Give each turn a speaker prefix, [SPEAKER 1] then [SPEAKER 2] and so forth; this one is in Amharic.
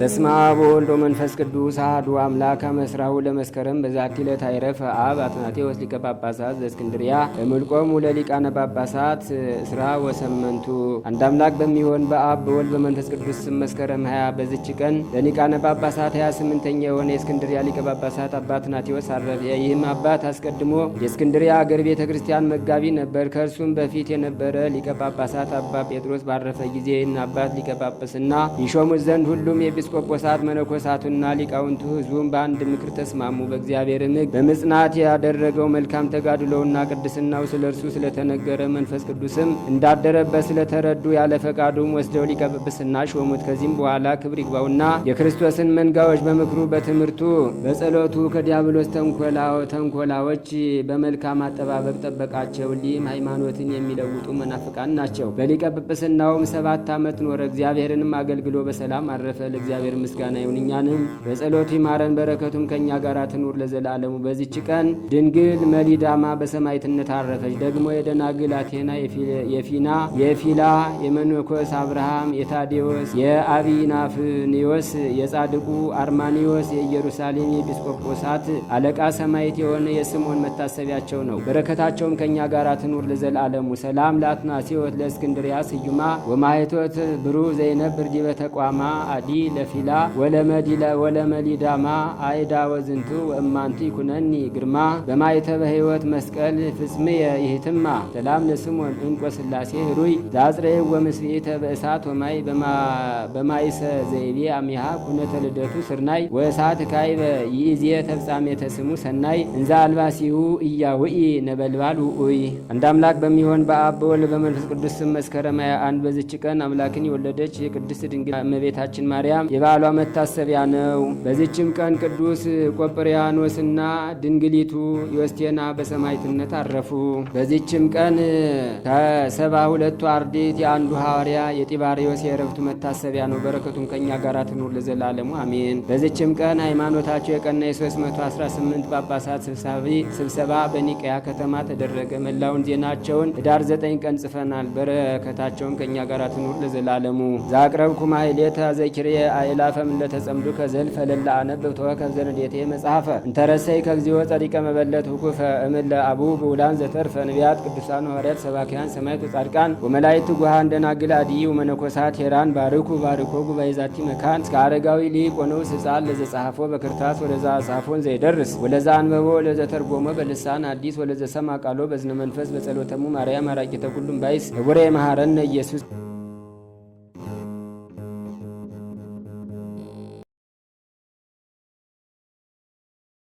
[SPEAKER 1] በስመ አብ ወወልድ ወመንፈስ ቅዱስ አሐዱ አምላክ አመስራው ለመስከረም በዛቲ ዕለት አይረፈ አብ አትናቴዎስ ሊቀ ጳጳሳት ዘእስክንድርያ በምልቆሙ ለሊቃነ ጳጳሳት እስራ ወሰመንቱ። አንድ አምላክ በሚሆን በአብ በወልድ በመንፈስ ቅዱስ ስም መስከረም ሀያ በዚች ቀን ለሊቃነ ጳጳሳት ሀያ ስምንተኛ የሆነ የእስክንድርያ ሊቀ ጳጳሳት አባ አትናቴዎስ አረፈ። ይህም አባት አስቀድሞ የእስክንድርያ አገር ቤተ ክርስቲያን መጋቢ ነበር። ከእርሱም በፊት የነበረ ሊቀ ጳጳሳት አባ ጴጥሮስ ባረፈ ጊዜ ይህን አባት ሊቀ ጳጳስና ይሾሙት ዘንድ ሁሉም የቢስ ኤጲስቆጶሳት መነኮሳቱና ሊቃውንቱ ህዝቡን በአንድ ምክር ተስማሙ። በእግዚአብሔር ምግ በመጽናት ያደረገው መልካም ተጋድሎውና ቅድስናው ስለ እርሱ ስለተነገረ መንፈስ ቅዱስም እንዳደረበት ስለተረዱ ያለ ፈቃዱም ወስደው ሊቀ ሾሙት። ከዚህም በኋላ ክብር ይግባውና የክርስቶስን መንጋዎች በምክሩ በትምህርቱ በጸሎቱ ከዲያብሎስ ተንኮላዎች በመልካም አጠባበቅ ጠበቃቸው። ሊህም ሃይማኖትን የሚለውጡ መናፍቃን ናቸው። በሊቀ ሰባት ዓመት ኖረ። እግዚአብሔርንም አገልግሎ በሰላም አረፈ። ለእግዚአብሔር ምስጋና ይሁን። እኛንም በጸሎቱ ይማረን፣ በረከቱም ከእኛ ጋር ትኑር ለዘላለሙ። በዚች ቀን ድንግል መሊዳማ በሰማዕትነት አረፈች። ደግሞ የደናግል አቴና፣ የፊና፣ የፊላ፣ የመኖኮስ አብርሃም፣ የታዴዎስ፣ የአቢናፍኒዎስ፣ የጻድቁ አርማኒዎስ፣ የኢየሩሳሌም የኤጲስቆጶሳት አለቃ ሰማዕት የሆነ የስምዖን መታሰቢያቸው ነው። በረከታቸውም ከእኛ ጋር ትኑር ለዘላለሙ። ሰላም ለአትናሲዎት ለእስክንድሪያ ስዩማ ወማይቶት ብሩ ዘይነብ ብርዲ በተቋማ አዲ ከፊላ ወለመሊዳማ አይዳ ወዝንቱ ወእማንቲ ኩነኒ ግርማ በማይተበ ሕይወት መስቀል ፍጽምየ ይህትማ ሰላም ለስም እንቆ ስላሴ ሩይ ዛጽሬ ወምስርኢተ በእሳት ወማይ በማይሰ ዘይቤ አሚሃ ኩነተ ልደቱ ስርናይ ወእሳት ካይበ ይእዜ ተፍጻሜተ ስሙ ሰናይ እንዛ አልባሲሁ እያውኢ ነበልባል ውኡይ አንድ አምላክ በሚሆን በአብ በወልድ በመንፈስ ቅዱስ ስም መስከረም 21 በዝች ቀን አምላክን የወለደች የቅድስት ድንግል እመቤታችን ማርያም የበዓሏ መታሰቢያ ነው። በዚችም ቀን ቅዱስ ቆጵርያኖስና ድንግሊቱ ዮስቴና በሰማይትነት አረፉ። በዚችም ቀን ከሰባ ሁለቱ አርድእት የአንዱ ሐዋርያ የጢባሪዮስ የረብቱ መታሰቢያ ነው። በረከቱን ከእኛ ጋር ትኑር ለዘላለሙ አሜን። በዚችም ቀን ሃይማኖታቸው የቀና የ318 ጳጳሳት ስብሰባ በኒቀያ ከተማ ተደረገ። መላውን ዜናቸውን ኅዳር 9 ቀን ጽፈናል። በረከታቸውን ከእኛ ጋር ትኑር ለዘላለሙ ዛቅረብኩማ ሌታ ዘኪሬ ኢላፈም እንደተጸምዱ ከዘል ፈለላ አነብብቶ ከዘንዴቴ መጽሐፈ እንተረሰይ ከግዚኦ ጸዲቀ መበለት ውኩፈ እምለ አቡ ብውላን ዘተርፈ ነቢያት ቅዱሳን ሐዋርያት ሰባኪያን ሰማዕት ጻድቃን ወመላእክት ጉሃን ደናግል አድይ ወመነኮሳት ሄራን ባርኩ ባርኮ ጉባኤ ዛቲ መካን እስከ አረጋዊ ሊቅ ወንውስ ሕፃን ለዘጸሐፎ በክርታስ ወለዛ ጻፎን ዘይደርስ ወለዛ አንበቦ ለዘተርጎመ በልሳን አዲስ ወለዘሰማ ቃሎ በዝነ መንፈስ በጸሎተሙ ማርያም አራቂተ ኩሉም ባይስ ህቡረ መሐረነ ኢየሱስ